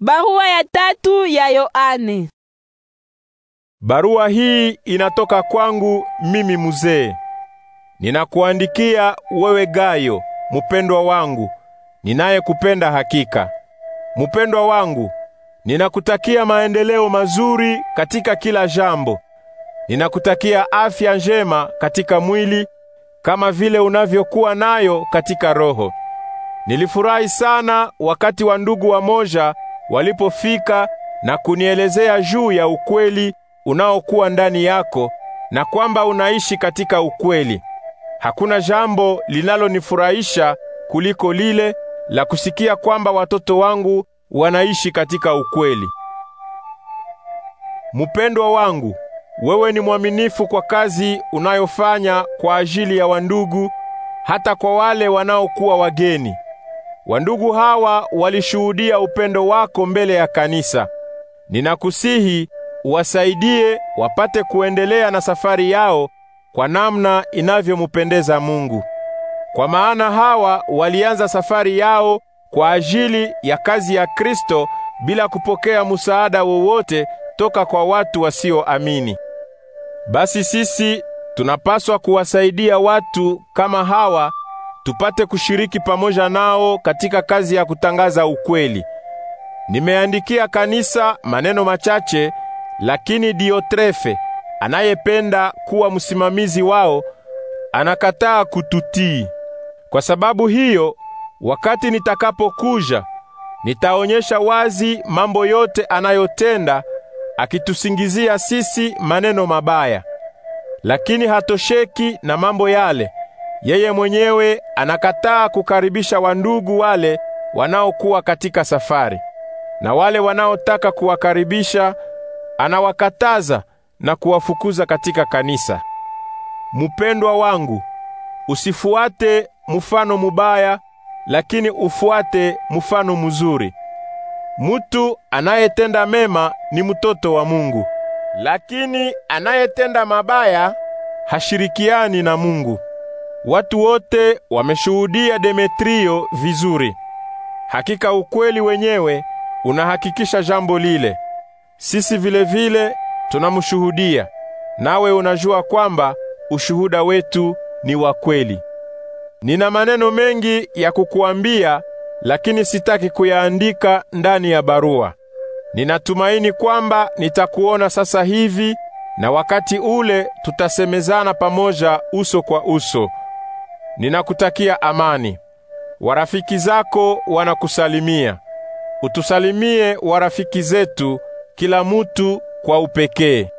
Barua ya tatu ya Yohane. Barua hii inatoka kwangu mimi mzee. Ninakuandikia wewe Gayo, mupendwa wangu, ninayekupenda hakika. Mupendwa wangu, ninakutakia maendeleo mazuri katika kila jambo. Ninakutakia afya njema katika mwili kama vile unavyokuwa nayo katika roho. Nilifurahi sana wakati wa ndugu wa moja walipofika na kunielezea juu ya ukweli unaokuwa ndani yako na kwamba unaishi katika ukweli. Hakuna jambo linalonifurahisha kuliko lile la kusikia kwamba watoto wangu wanaishi katika ukweli. Mpendwa wangu, wewe ni mwaminifu kwa kazi unayofanya kwa ajili ya wandugu, hata kwa wale wanaokuwa wageni. Wandugu hawa walishuhudia upendo wako mbele ya kanisa. Ninakusihi uwasaidie wapate kuendelea na safari yao kwa namna inavyomupendeza Mungu. Kwa maana hawa walianza safari yao kwa ajili ya kazi ya Kristo bila kupokea msaada wowote toka kwa watu wasioamini. Basi sisi tunapaswa kuwasaidia watu kama hawa tupate kushiriki pamoja nao katika kazi ya kutangaza ukweli. Nimeandikia kanisa maneno machache, lakini Diotrefe anayependa kuwa msimamizi wao anakataa kututii. Kwa sababu hiyo, wakati nitakapokuja, nitaonyesha wazi mambo yote anayotenda akitusingizia sisi maneno mabaya. Lakini hatosheki na mambo yale. Yeye mwenyewe anakataa kukaribisha wandugu wale wanaokuwa katika safari, na wale wanaotaka kuwakaribisha anawakataza na kuwafukuza katika kanisa. Mupendwa wangu, usifuate mfano mubaya, lakini ufuate mfano mzuri. Mutu anayetenda mema ni mtoto wa Mungu, lakini anayetenda mabaya hashirikiani na Mungu. Watu wote wameshuhudia Demetrio vizuri. Hakika ukweli wenyewe unahakikisha jambo lile. Sisi vile vile tunamshuhudia, nawe unajua kwamba ushuhuda wetu ni wa kweli. Nina maneno mengi ya kukuambia, lakini sitaki kuyaandika ndani ya barua. Ninatumaini kwamba nitakuona sasa hivi na wakati ule tutasemezana pamoja uso kwa uso. Ninakutakia amani. Warafiki zako wanakusalimia. Utusalimie warafiki zetu, kila mutu kwa upekee.